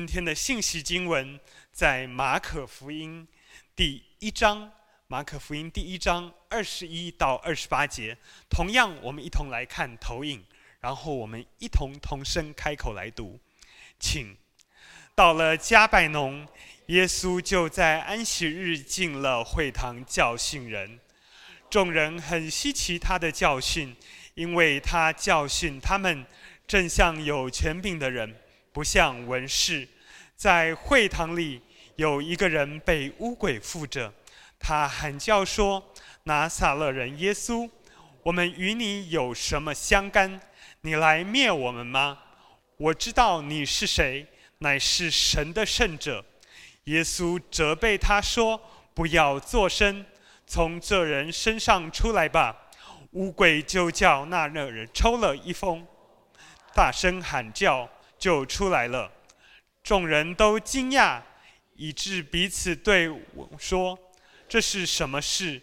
今天的信息經文在馬可福音第一章，馬可福音第一章二十一到二十八節。同樣，我們一同來看投影，然後我們一同同聲開口來讀。請到了迦百農，耶穌就在安息日進了會堂教訓人，眾人很希奇他的教訓，因為他教訓他們，正像有權柄的人。不像文士，在會堂裡有一個人被污鬼附着，他喊叫說：“拿撒勒人耶穌，我們與你有什麼相干？你來滅我們嗎？”我知道你是誰，乃是神的聖者。耶穌責備他說：“不要作聲，從這人身上出來吧。”污鬼就叫那那人抽了一瘋，大聲喊叫。就出來了，眾人都驚訝，以致彼此對我說：“這是什麼事？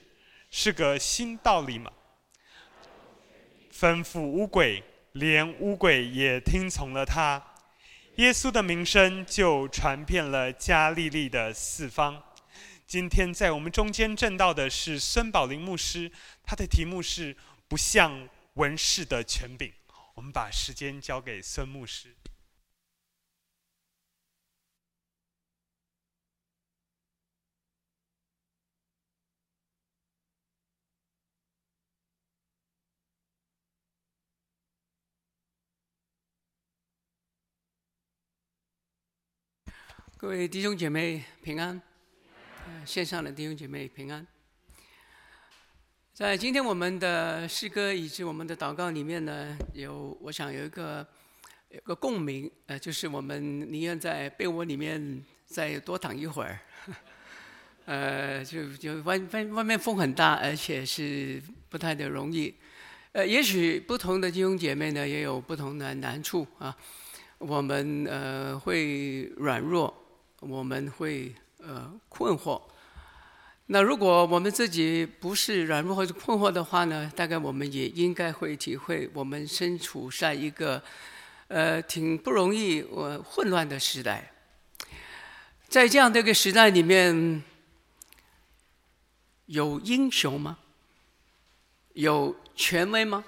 是個新道理嗎？”吩咐污鬼，連污鬼也聽從了他。耶穌的名聲就傳遍了加利利的四方。今天在我們中間證道的是孫寶玲牧師，他的題目是“不像文士的權柄”。我們把時間交給孫牧師。各位弟兄姐妹平安，呃，線上的弟兄姐妹平安。在今天我們的詩歌以及我們的禱告裡面呢，有我想有一個有一個共鳴，呃，就是我們寧願在被窩裡面再多躺一會兒，呃，就就外外外面風很大，而且是不太的容易。呃，也許不同的弟兄姐妹呢也有不同的難處啊。我們呃會軟弱。我們會呃困惑，那如果我們自己不是軟弱或者困惑的話呢，大概我們也應該會體會，我們身處在一個呃挺不容易，呃，混亂的時代。在這樣的一個時代裡面，有英雄嗎？有權威嗎？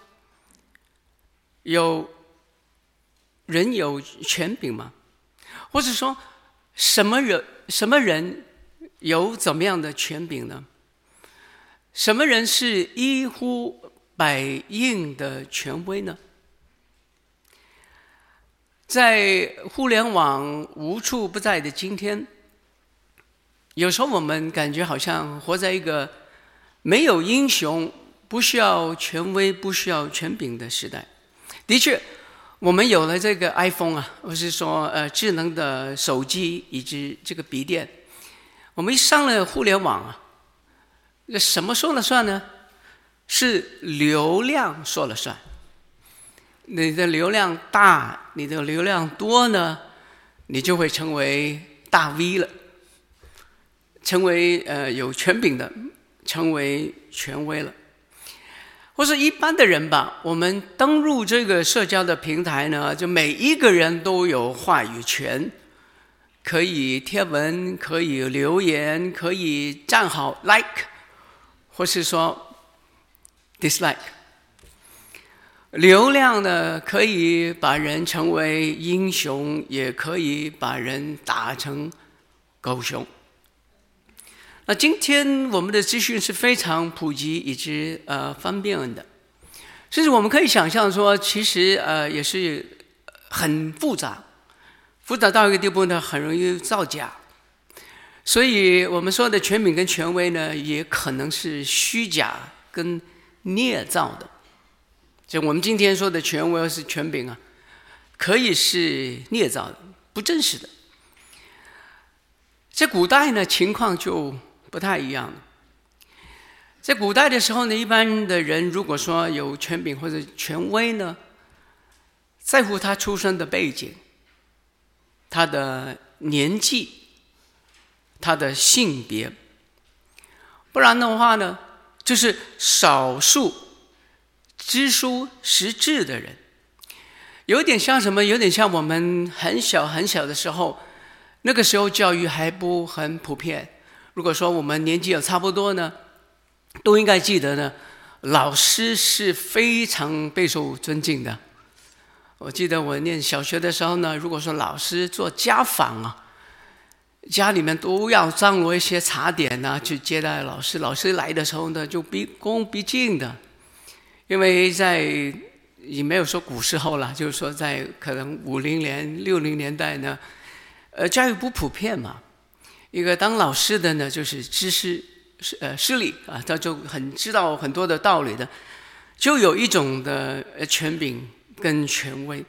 有人有權柄嗎？或者說，什麼人？什麼人有怎麼樣的權柄呢？什麼人是一呼百應的權威呢？在互聯網無處不在的今天，有時候我們感覺好像活在一個沒有英雄、不需要權威、不需要權柄的時代。的確。我們有了這個 iPhone 啊，我是說，呃，智能的手機以及這個筆電，我們一上了互聯網啊，那什麼說了算呢？是流量說了算。你的流量大，你的流量多呢，你就會成為大 V 了，成為呃有權柄的，成為權威了。不是一般的人吧？我們登入這個社交的平台呢，就每一個人都有話語權，可以貼文，可以留言，可以讚好 like，或是說 dislike。流量呢，可以把人成為英雄，也可以把人打成狗熊。那今天我們的資訊是非常普及以及呃方便的，甚至我們可以想象說，其實呃也是很複雜，複雜到一個地步呢，很容易造假，所以我們說的權柄跟權威呢，也可能是虛假跟捏造的，就我們今天說的權威或是權柄啊，可以是捏造的、不真實的，在古代呢，情況就不太一樣。在古代的時候呢，一般的人如果說有權柄或者權威呢，在乎他出生的背景、他的年紀、他的性別，不然的話呢，就是少數知書識字的人，有點像什麼？有點像我們很小很小的時候，那個時候教育還不很普遍。如果說我們年紀也差不多呢，都應該記得呢。老師是非常備受尊敬的。我記得我念小學的時候呢，如果說老師做家訪啊，家裡面都要張羅一些茶點呢、啊，去接待老師。老師來的時候呢，就畢恭畢敬的。因為在也沒有說古時候了，就是說在可能五零年、六零年代呢，呃，教育不普遍嘛。一個當老師的呢，就是知識、呃、事理啊，他就很知道很多的道理的，就有一種的呃權柄跟權威。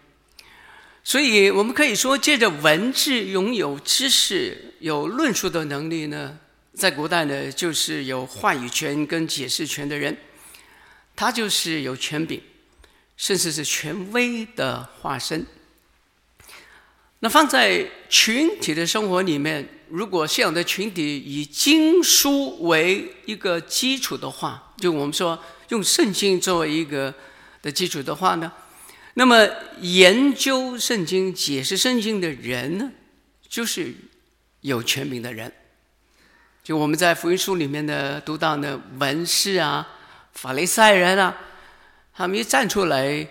所以我們可以說，借着文字擁有知識、有論述的能力呢，在古代呢，就是有話語權跟解釋權的人，他就是有權柄，甚至是權威的化身。那放在群體的生活裡面。如果信仰的群體以經書為一個基礎的話，就我們說用聖經作為一個的基礎的話呢，那麼研究聖經、解釋聖經的人呢，就是有權柄的人。就我們在福音書裡面的讀到的文士啊、法利賽人啊，他們一站出來，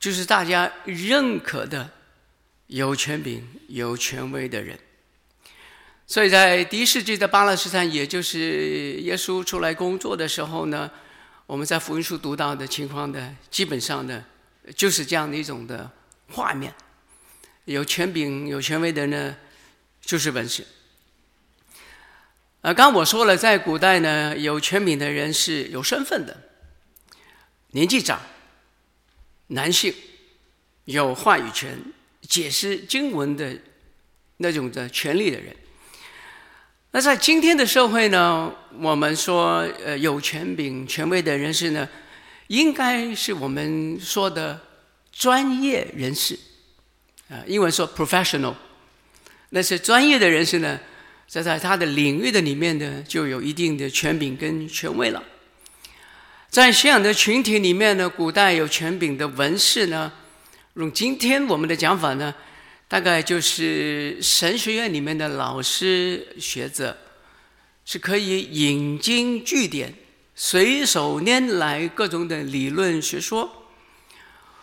就是大家認可的有權柄、有權威的人。所以在第一世紀的巴勒斯坦，也就是耶穌出來工作的時候呢，我們在福音書讀到的情況呢，基本上呢，就是這樣的一種的畫面。有權柄、有權威的呢，就是文士。啊，剛我說了，在古代呢，有權柄的人是有身份的，年紀長，男性，有話語權、解釋經文的那種的權利的人。那在今天的社會呢，我們說，呃，有權柄、權威的人士呢，應該是我們說的專業人士，啊、呃，英文說 professional，那些專業的人士呢，在在他的領域的裡面呢，就有一定的權柄跟權威了。在信仰的群體裡面呢，古代有權柄的文士呢，用今天我們的講法呢。大概就是神學院裡面的老師學者，是可以引經據典、隨手拈來各種的理論學說。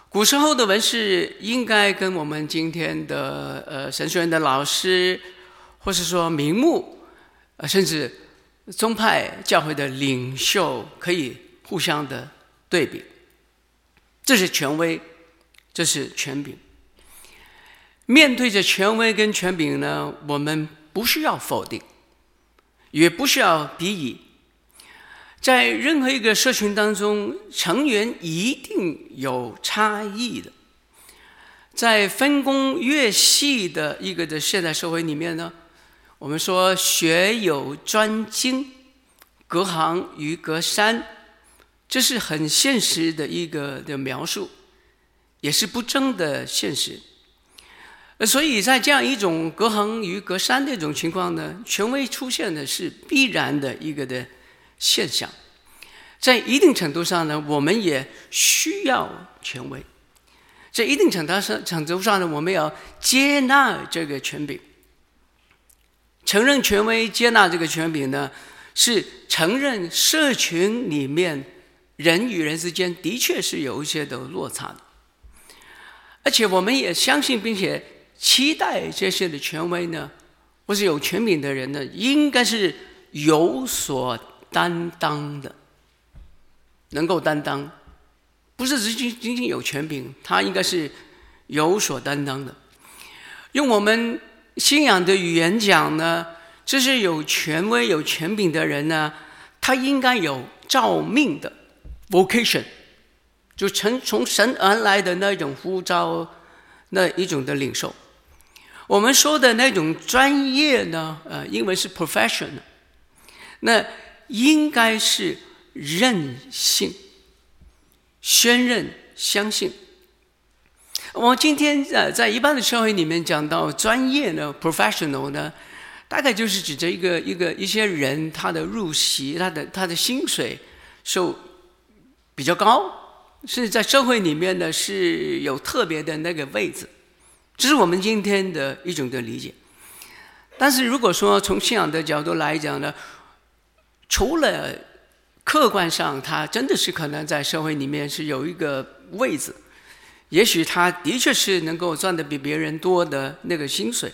古時候的文士應該跟我們今天的呃神學院的老師，或是說名牧，呃甚至宗派教會的領袖可以互相的對比，這是權威，這是權柄。面對着權威跟權柄呢，我們不需要否定，也不需要鄙夷。在任何一個社群當中，成員一定有差異的。在分工越細的一個的現代社會裡面呢，我們說學有專精，隔行如隔山，這是很現實的一個的描述，也是不爭的現實。所以在這樣一種隔行與隔山這種情況呢，權威出現的是必然的一個的現象。在一定程度上呢，我們也需要權威。在一定程度上、程度上呢，我們要接納這個權柄，承認權威，接納這個權柄呢，是承認社群裡面人與人之間的確是有一些的落差的，而且我們也相信並且。期待這些的權威呢，或是有權柄的人呢，應該是有所擔當的，能夠擔當，不是僅僅僅僅有權柄，他應該是有所擔當的。用我們信仰的語言講呢，這些有權威、有權柄的人呢，他應該有召命的 vocation，就從從神而來的那一種呼召，那一種的領受。我們說的那種專業呢，呃，英文是 professional，那應該是任性、宣任、相信。我今天呃在一般的社會裡面講到專業呢，professional 呢，大概就是指著一個一個一些人，他的入席，他的他的薪水受比較高，是在社會裡面呢是有特別的那個位置。這是我們今天的一種的理解。但是，如果說從信仰的角度來講呢，除了客觀上他真的是可能在社會裡面是有一個位置，也許他的確是能夠賺得比別人多的那個薪水，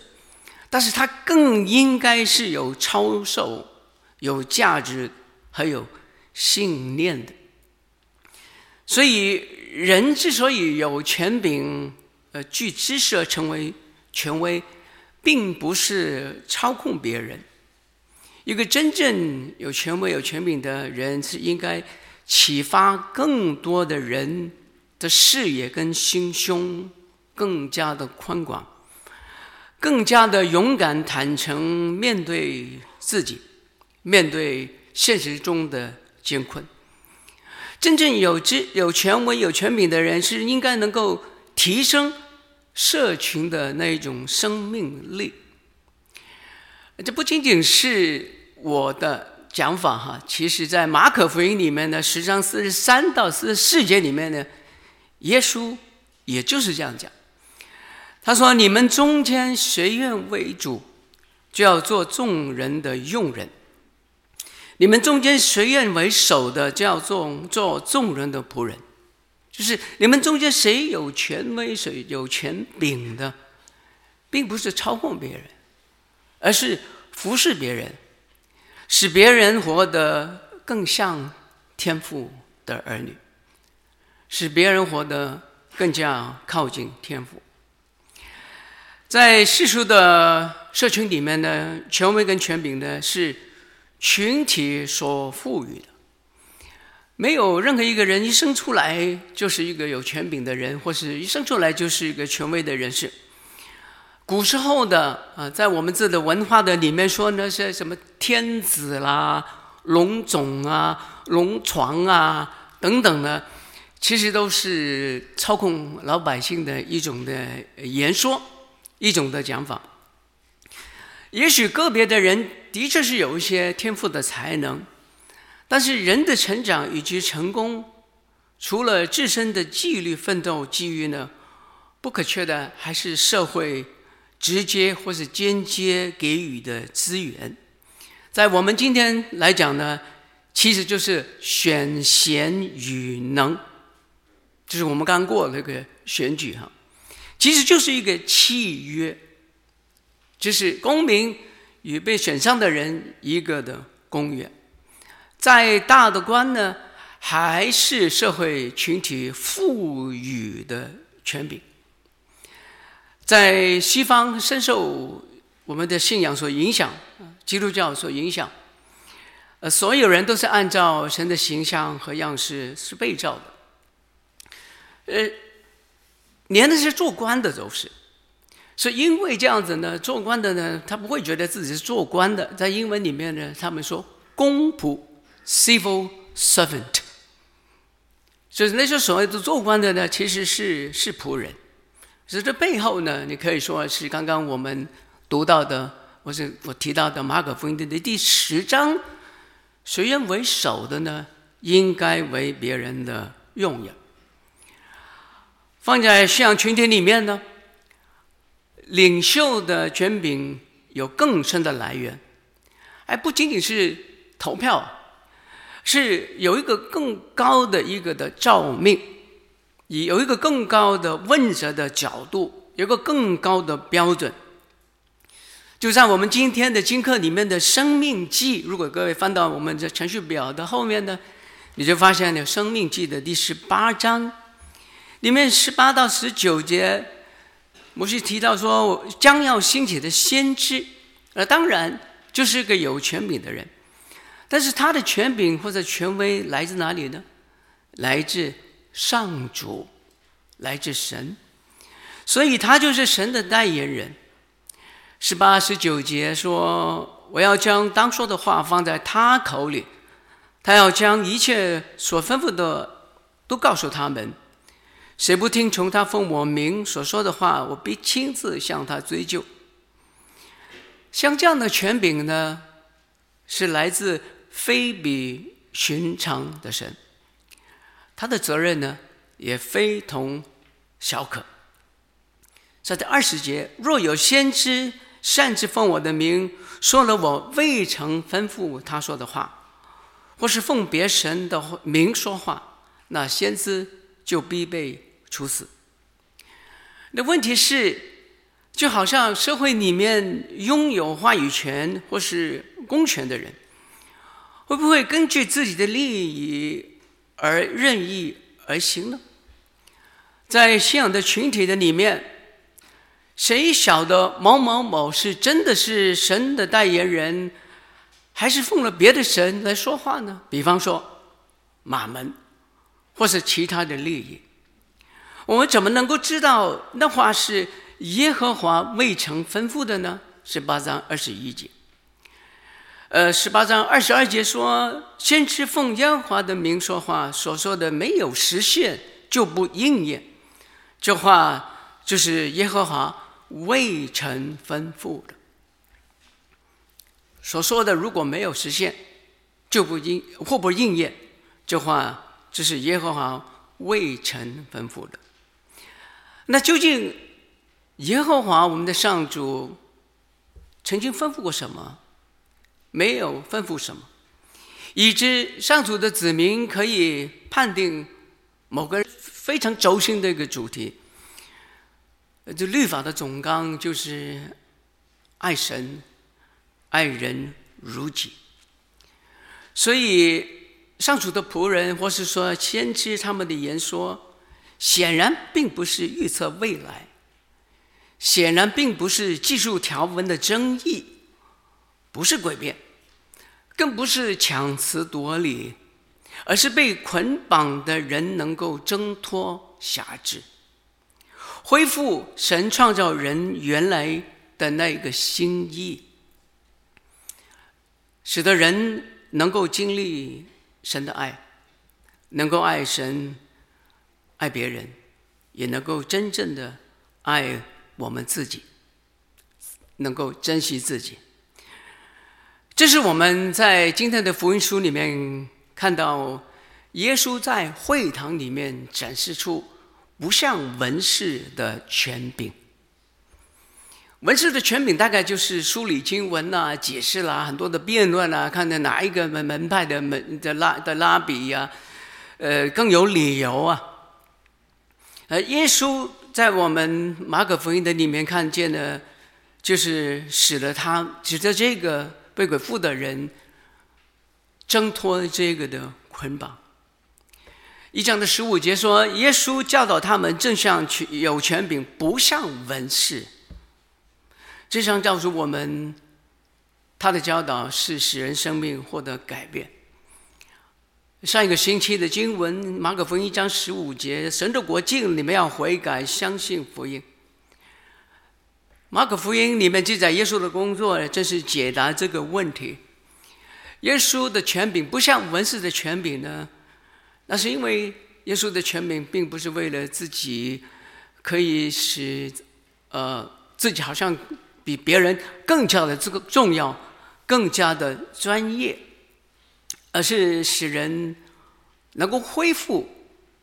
但是他更應該是有操守、有價值還有信念的。所以，人之所以有權柄。呃，據知識而成為權威，並不是操控別人。一個真正有權威、有權柄的人，是應該啟發更多的人的視野跟心胸更加的寬廣，更加的勇敢、坦誠面對自己，面對現實中的艱困。真正有知、有權威、有權柄的人，是應該能夠。提升社群的那一種生命力，這不僅僅是我的講法哈。其實，在《馬可福音》裡面呢，十章四十三到四十四節裡面呢，耶穌也就是這樣講，他說：“你們中間誰願為主，就要做眾人的用人；你們中間誰願為首的，就要做做眾人的僕人。”就是你們中間誰有權威，誰有權柄的，並不是操控別人，而是服侍別人，使別人活得更像天父的兒女，使別人活得更加靠近天父。在世俗的社群裡面呢，權威跟權柄呢，是群體所賦予的。沒有任何一個人一生出來就是一個有權柄的人，或是一生出來就是一個權威的人士。古時候的啊、呃，在我們這的文化的裡面說那些什麼天子啦、龍種啊、龍床啊等等呢，其實都是操控老百姓的一種的言說，一種的講法。也許個別的人的確是有一些天賦的才能。但是人的成長以及成功，除了自身的紀律奮鬥、機遇呢，不可缺的還是社會直接或是間接給予的資源。在我們今天來講呢，其實就是選賢與能，就是我們剛過那個選舉哈，其實就是一個契約，就是公民與被選上的人一個的公約。再大的官呢，還是社會群體賦予的權柄。在西方，深受我們的信仰所影響，基督教所影響，呃，所有人都是按照神的形象和樣式是被造的。呃，連那些做官的都是，所以因為這樣子呢，做官的呢，他不會覺得自己是做官的，在英文裡面呢，他們說公“公僕”。civil servant，就是那些所謂的做官的呢，其實是是僕人。所以這背後呢，你可以說是剛剛我們讀到的，我是我提到的《馬可福音》的第十章，誰願為首的呢？應該為別人的用人。放在信仰群體裡面呢，領袖的權柄有更深的來源，而不僅僅是投票。是有一個更高的一個的照命，以有一個更高的問責的角度，有一個更高的標準。就像我們今天的經課裡面的申命記，如果各位翻到我們的程序表的後面呢，你就發現了申命記的第十八章，裡面十八到十九節，摩西提到說將要興起的先知，那當然就是一個有權柄的人。但是他的權柄或者權威來自哪裡呢？來自上主，來自神，所以他就是神的代言人。十八十九節說：“我要將當說的話放在他口裡，他要將一切所吩咐的都告訴他們。誰不聽從他奉我名所說的話，我必親自向他追究。”像這樣的權柄呢，是來自。非比尋常的神，他的責任呢也非同小可。在第二十節，若有先知擅自奉我的名說了我未曾吩咐他說的話，或是奉別神的名說話，那先知就必被處死。那問題是，就好像社會裡面擁有話語權或是公權的人，會不會根據自己的利益而任意而行呢？在信仰的群體的裡面，誰曉得某某某是真的是神的代言人，還是奉了別的神來說話呢？比方說馬門，或是其他的利益，我們怎麼能夠知道那話是耶和華未曾吩咐的呢？十八章二十一節。呃，十八章二十二節說：“先知奉耶和華的名說話，所說的沒有實現就不應驗，這話就是耶和華未曾吩咐的。所說的如果沒有實現，就不應或不應驗，這話就是耶和華未曾吩咐的。那究竟耶和華我們的上主曾經吩咐過什麼？”沒有吩咐什麼，以致上主的子民可以判定某個非常軸心的一個主題。這律法的總綱就是愛神、愛人如己。所以上主的僕人或是說先知，他們的言說，顯然並不是預測未來，顯然並不是技術條文的爭議，不是詭辯，更不是強詞奪理，而是被捆綁的人能夠掙脫轄制，恢復神創造人原來的那個心意，使得人能夠經歷神的愛，能夠愛神、愛別人，也能夠真正的愛我們自己，能夠珍惜自己。這是我們在今天的福音書裡面看到，耶穌在會堂裡面展示出不像文士的權柄。文士的權柄大概就是梳理經文呐、啊、解釋啦、啊、很多的辯論呐、啊，看的哪一個門門派的門的拉的拉比呀、啊，呃更有理由啊。而耶穌在我們馬可福音的裡面看見的，就是使得他使得這個。被鬼附的人掙脫這個的捆綁。一章的十五節說，耶穌教導他們，正像權有權柄，不像文士。這章告訴我們，他的教導是使人生命獲得改變。上一個星期的經文，馬可福音一章十五節，神的國近了，你們要悔改，相信福音。《馬可福音》裡面記載耶穌的工作，正是解答這個問題。耶穌的權柄不像文士的權柄呢，那是因為耶穌的權柄並不是為了自己，可以使呃自己好像比別人更加的這個重要，更加的專業，而是使人能夠恢復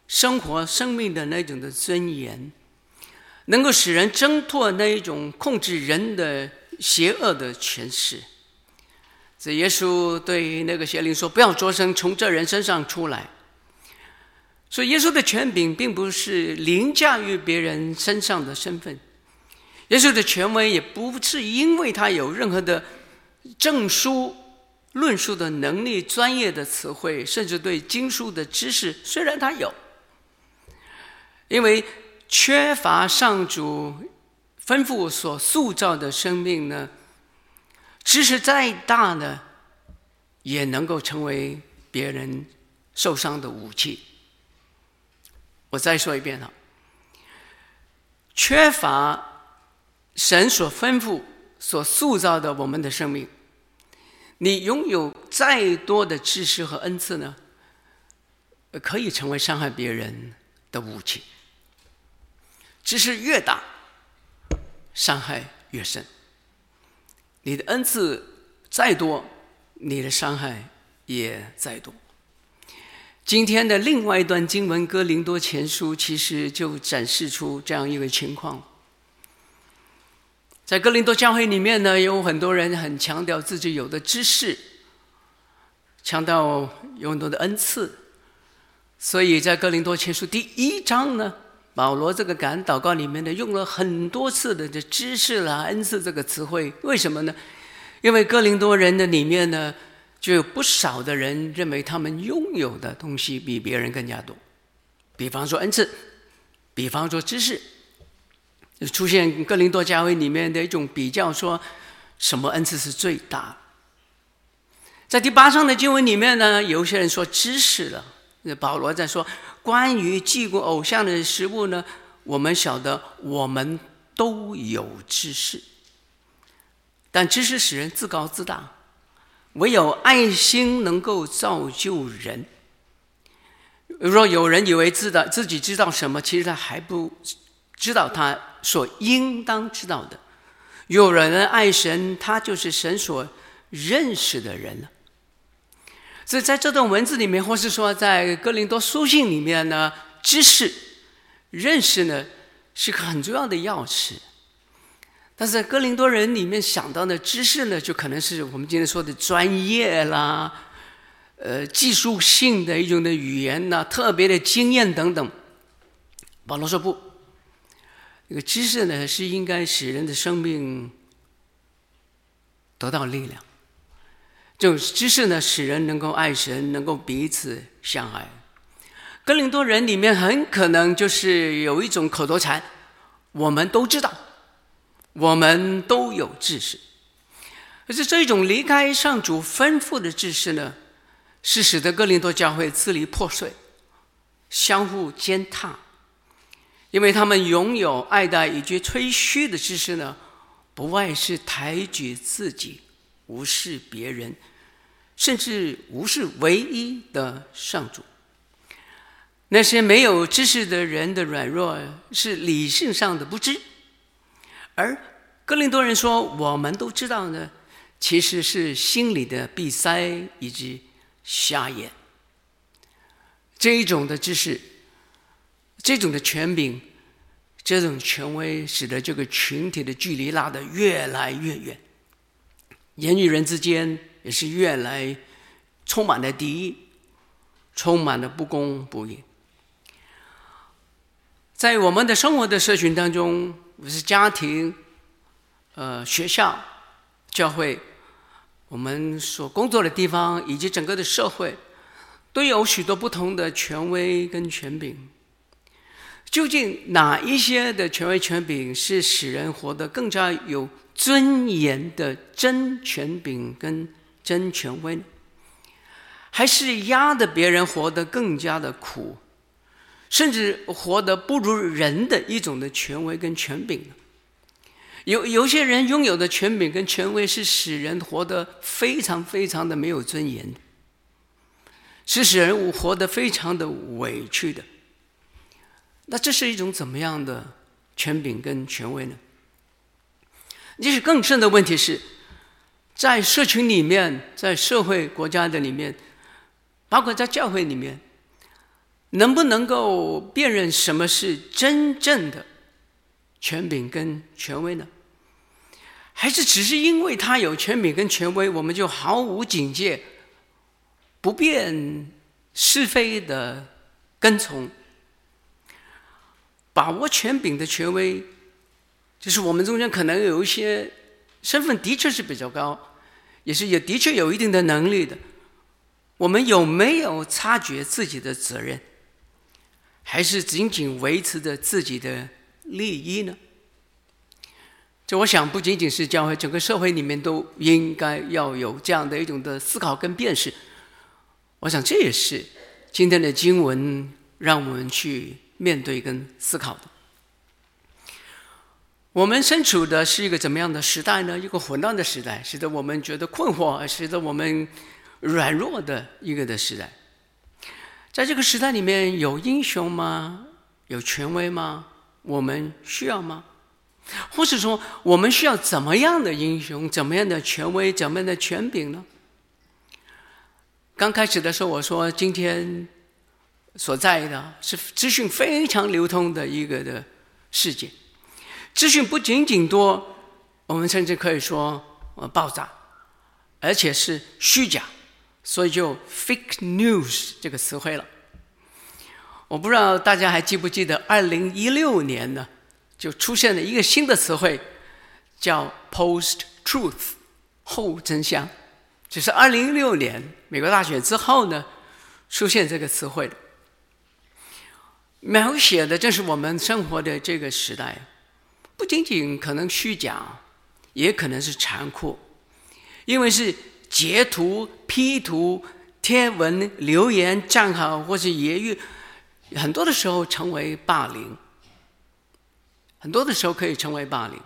生活生命的那種的尊嚴。能夠使人掙脫那一種控制人的邪惡的權勢，所以耶穌對那個邪靈說：“不要作聲，從這人身上出來。”所以，耶穌的權柄並不是凌駕於別人身上的身份，耶穌的權威也不是因為他有任何的證書、論述的能力、專業的詞彙，甚至對經書的知識，雖然他有，因為。缺乏上主吩咐所塑造的生命呢？知識再大呢，也能夠成為別人受傷的武器。我再說一遍啊，缺乏神所吩咐所塑造的我們的生命，你擁有再多的知識和恩賜呢，可以成為傷害別人的武器。知識越大，傷害越深。你的恩賜再多，你的傷害也再多。今天的另外一段經文《哥林多前書》，其實就展示出這樣一個情況：在哥林多教會裡面呢，有很多人很強調自己有的知識，強調有很多的恩賜，所以在哥林多前書第一章呢，保羅這個感恩禱告裡面呢，用了很多次的這知識啦、恩賜這個詞彙，為什麼呢？因為哥林多人的裡面呢，就有不少的人認為他們擁有的東西比別人更加多，比方說恩賜，比方說知識，出現哥林多教會裡面的一種比較，說什麼恩賜是最大。在第八章的經文裡面呢，有些人說知識了。那保羅在說，關於祭過偶像的食物呢，我們曉得，我們都有知識，但知識使人自高自大，唯有愛心能夠造就人。若有人以為知道自己知道什麼，其實他還不知道他所應當知道的。有人愛神，他就是神所認識的人了。這在這段文字裡面，或是說在哥林多書信裡面呢，知識、認識呢，是個很重要的鑰匙。但是在哥林多人裡面想到的知識呢，就可能是我們今天說的專業啦，呃，技術性的一種的語言吶，特別的經驗等等。保羅說不，這個知識呢，是應該使人的生命得到力量。這種知識呢，使人能夠愛神，能夠彼此相愛。哥林多人裡面很可能就是有一種口頭禪，我們都知道，我們都有知識。可是這種離開上主吩咐的知識呢，是使得哥林多教會支離破碎，相互踐踏，因為他們擁有愛戴以及吹噓的知識呢，不外是抬舉自己。無視別人，甚至無視唯一的上主。那些沒有知識的人的軟弱是理性上的不知，而哥林多人說我們都知道呢，其實是心裡的閉塞以及瞎眼。這一種的知識，這種的權柄，這種權威，使得這個群體的距離拉得越來越遠。人與人之間也是越來充滿了敵意，充滿了不公不義。在我們的生活的社群當中，我是家庭、呃學校、教會，我們所工作的地方以及整個的社會，都有許多不同的權威跟權柄。究竟哪一些的權威權柄是使人活得更加有尊嚴的真權柄跟真權威，還是壓得別人活得更加的苦，甚至活得不如人的一種的權威跟權柄呢？有有些人擁有的權柄跟權威是使人活得非常非常的沒有尊嚴的，是使人活得非常的委屈的。那這是一種怎麼樣的權柄跟權威呢？其實更深的問題是，在社群裡面，在社會國家的裡面，包括在教會裡面，能不能夠辨認什麼是真正的權柄跟權威呢？還是只是因為他有權柄跟權威，我們就毫無警戒，不辨是非的跟從？把握權柄的權威，就是我們中間可能有一些身份的確是比較高，也是也的確有一定的能力的。我們有沒有察覺自己的責任？還是僅僅維持着自己的利益呢？這我想不僅僅是教會，整個社會裡面都應該要有這樣的一種的思考跟辨識。我想這也是今天的經文讓我們去。面對跟思考的，我們身處的是一個怎麼樣的時代呢？一個混亂的時代，使得我們覺得困惑，而使得我們軟弱的一個的時代。在這個時代裡面，有英雄嗎？有權威嗎？我們需要嗎？或是說，我們需要怎麼樣的英雄？怎麼樣的權威？怎麼樣的權柄呢？剛開始的時候，我說今天，所在的是資訊非常流通的一個的世界，資訊不僅僅多，我們甚至可以說爆炸，而且是虛假，所以就 fake news 這個詞彙了。我不知道大家還記不記得，二零一六年呢，就出現了一個新的詞彙，叫 post truth 後真相，就是二零一六年美國大選之後呢，出現這個詞彙的。描寫的正是我們生活的這個時代，不僅僅可能虛假，也可能是殘酷，因為是截圖、P 圖、貼文、留言、賬號，或是言語，很多的時候成為霸凌，很多的時候可以成為霸凌。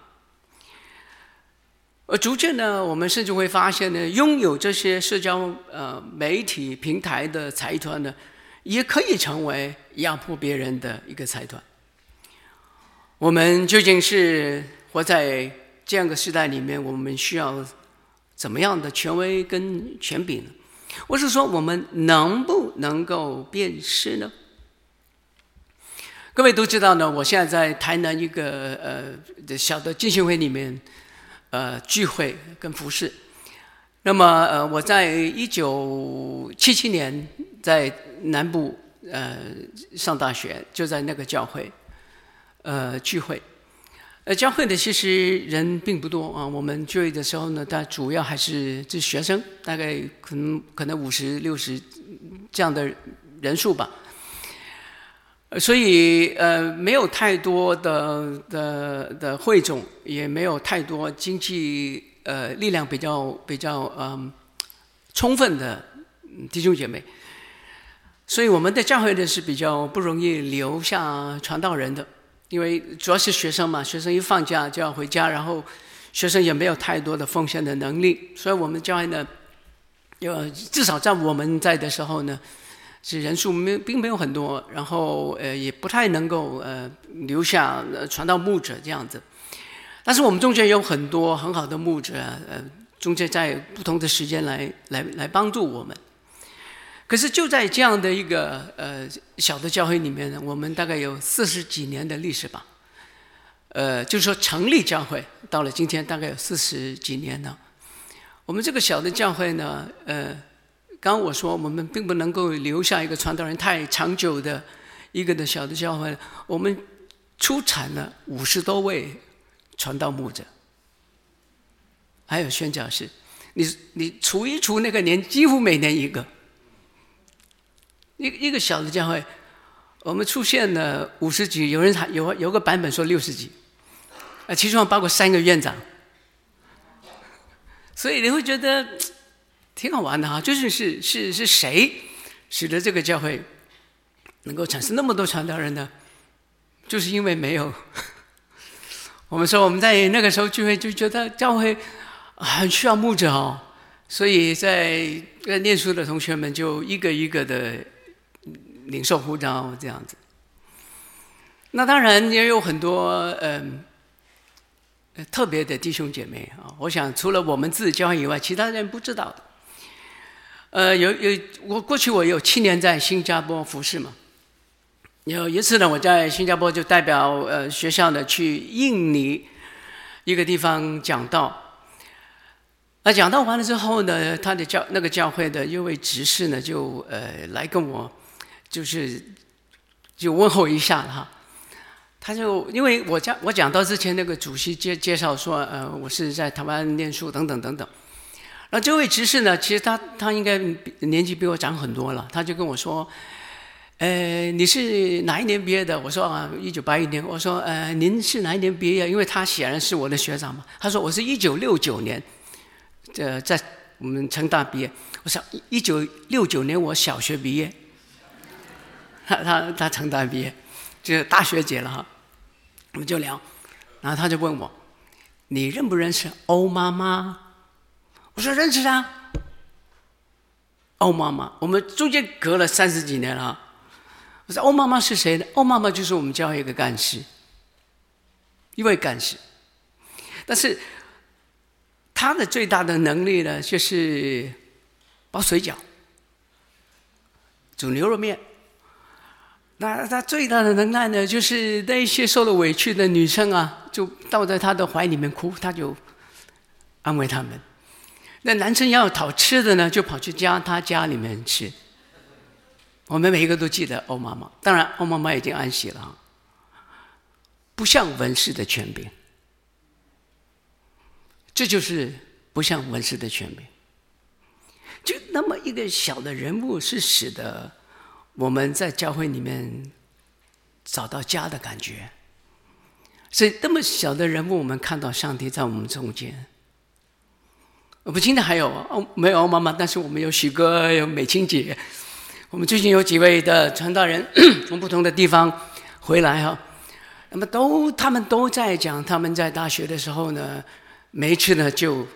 而逐漸呢，我們甚至會發現呢，擁有這些社交呃媒體平台的財團呢。也可以成為壓迫別人的一個財團。我們究竟是活在這樣的時代裡面？我們需要怎麼樣的權威跟權柄呢？我是說，我們能不能夠辨識呢？各位都知道呢，我現在在台南一個呃小的浸信會裡面呃聚會跟服事。那麼呃，我在一九七七年在南部呃上大學，就在那個教會呃聚會，呃教會的其實人並不多啊。我們聚會的時候呢，他主要還是這學生，大概可能可能五十六十這樣的人數吧。所以呃沒有太多的的的的匯總，也沒有太多經濟。呃，力量比較比較嗯、呃、充分的弟兄姐妹，所以我們的教會呢，是比較不容易留下傳道人的，因為主要是學生嘛，學生一放假就要回家，然後學生也沒有太多的奉獻的能力，所以我們教會呢，要、呃、至少在我們在的時候呢，是人數沒並沒有很多，然後呃也不太能夠呃留下傳道牧者這樣子。但是我們中間有很多很好的牧者啊，呃，中間在不同的時間來來來幫助我們。可是就在這樣的一個呃小的教會裡面呢，我們大概有四十幾年的歷史吧，呃，就是說成立教會到了今天大概有四十幾年了。我們這個小的教會呢，呃，剛剛我說我們並不能夠留下一個傳道人太長久的一個的小的教會，我們出產了五十多位，傳道牧者，還有宣教士，你你除一除那個年，幾乎每年一個。一個一個小的教會，我們出現了五十幾，有人有有個版本說六十幾，啊，其中包括三個院長。所以你會覺得挺好玩的哈、啊，就是是是誰使得這個教會能夠產生那麼多傳道人呢？就是因為沒有。我們說我們在那個時候聚會，就覺得教會很需要牧者哦，所以在念書的同學們就一個一個的領受呼召這樣子。那當然也有很多嗯、呃、特別的弟兄姐妹啊，我想除了我們自己教會以外，其他人不知道的。呃，有有我過去我有七年在新加坡服侍嘛。有一次呢，我在新加坡就代表呃學校呢去印尼一個地方講道。那講道完了之後呢，他的教那個教會的一位執事呢，就呃來跟我就是就問候一下了哈。他就因為我講我講道之前那個主席介介紹說，呃我是在台灣念書等等等等。那這位執事呢，其實他他應該年紀比我長很多了，他就跟我說。呃，你是哪一年畢業的？我說啊，一九八一年。我說，呃，您是哪一年畢業啊？因為他顯然是我的學長嘛。他說我是一九六九年，這、呃、在我們成大畢業。我說一九六九年我小學畢業。他他他成大畢業，就大學姐了哈。我們就聊，然後他就問我，你認不認識歐媽媽？我說認識啊。歐媽媽，我們中間隔了三十幾年了。我說：“歐媽媽是誰呢？”歐媽媽就是我們教會一個幹事。一位幹事，但是她的最大的能力呢，就是包水餃、煮牛肉麵。那她最大的能耐呢，就是那一些受了委屈的女生啊，就倒在他的懷裡面哭，他就安慰他們。那男生要討吃的呢，就跑去家她家裡面吃。我們每一個都記得歐媽媽，當然歐媽媽已經安息了，不像文士的權柄，這就是不像文士的權柄。就那麼一個小的人物，是使得我們在教會裡面找到家的感覺。所以那麼小的人物，我們看到上帝在我們中間。我們今天還有沒有歐媽媽，但是我們有許哥，有美清姐。我們最近有幾位的傳道人 從不同的地方回來哈、哦，那麼都他們都在講他們在大學的時候呢，每一次呢就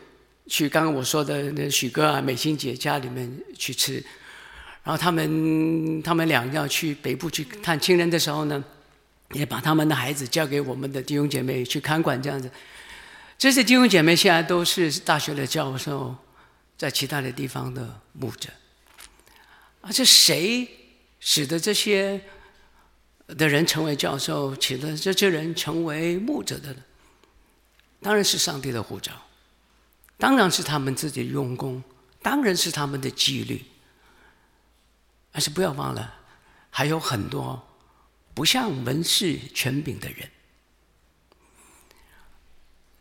去剛剛我說的那許哥啊、美心姐家裡面去吃，然後他們他們倆要去北部去探親人的時候呢，也把他們的孩子交給我們的弟兄姐妹去看管這樣子。這些弟兄姐妹現在都是大學的教授，在其他的地方的牧者。而是誰使得這些的人成為教授，使得這些人成為牧者的呢？當然是上帝的呼召，當然是他們自己用功，當然是他們的紀律。但是不要忘了，還有很多不像文士權柄的人，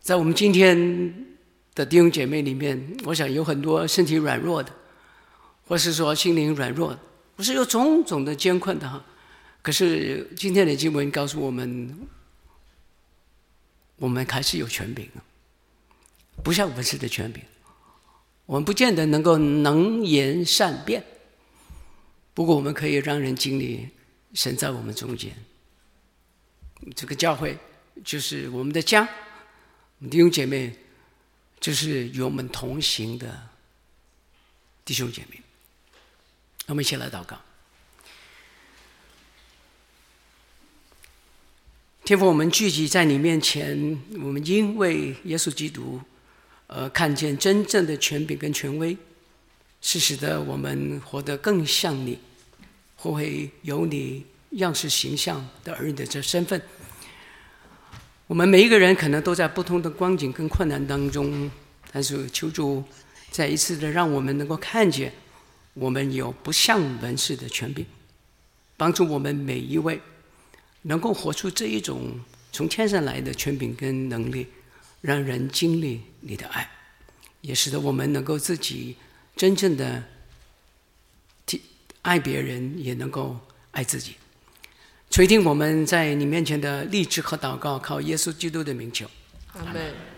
在我們今天的弟兄姐妹裡面，我想有很多身體軟弱的。或是說心靈軟弱，不是有種種的艱困的哈。可是今天的經文告訴我們，我們還是有權柄，不像文士的權柄。我們不見得能夠能言善辯，不過我們可以讓人經歷神在我們中間。這個教會就是我們的家，弟兄姐妹就是與我們同行的弟兄姐妹。我們一起來禱告。天父，我們聚集在你面前，我們因為耶穌基督，呃，看見真正的權柄跟權威，是使得我們活得更像你，或會有你樣式形象的兒女的這身份。我們每一個人可能都在不同的光景跟困難當中，但是求主再一次的讓我們能夠看見。我們有不像文士的權柄，幫助我們每一位能夠活出這一種從天上來的權柄跟能力，讓人經歷你的愛，也使得我們能夠自己真正的愛別人，也能夠愛自己。垂聽我們在你面前的立志和禱告，靠耶穌基督的名求。阿門。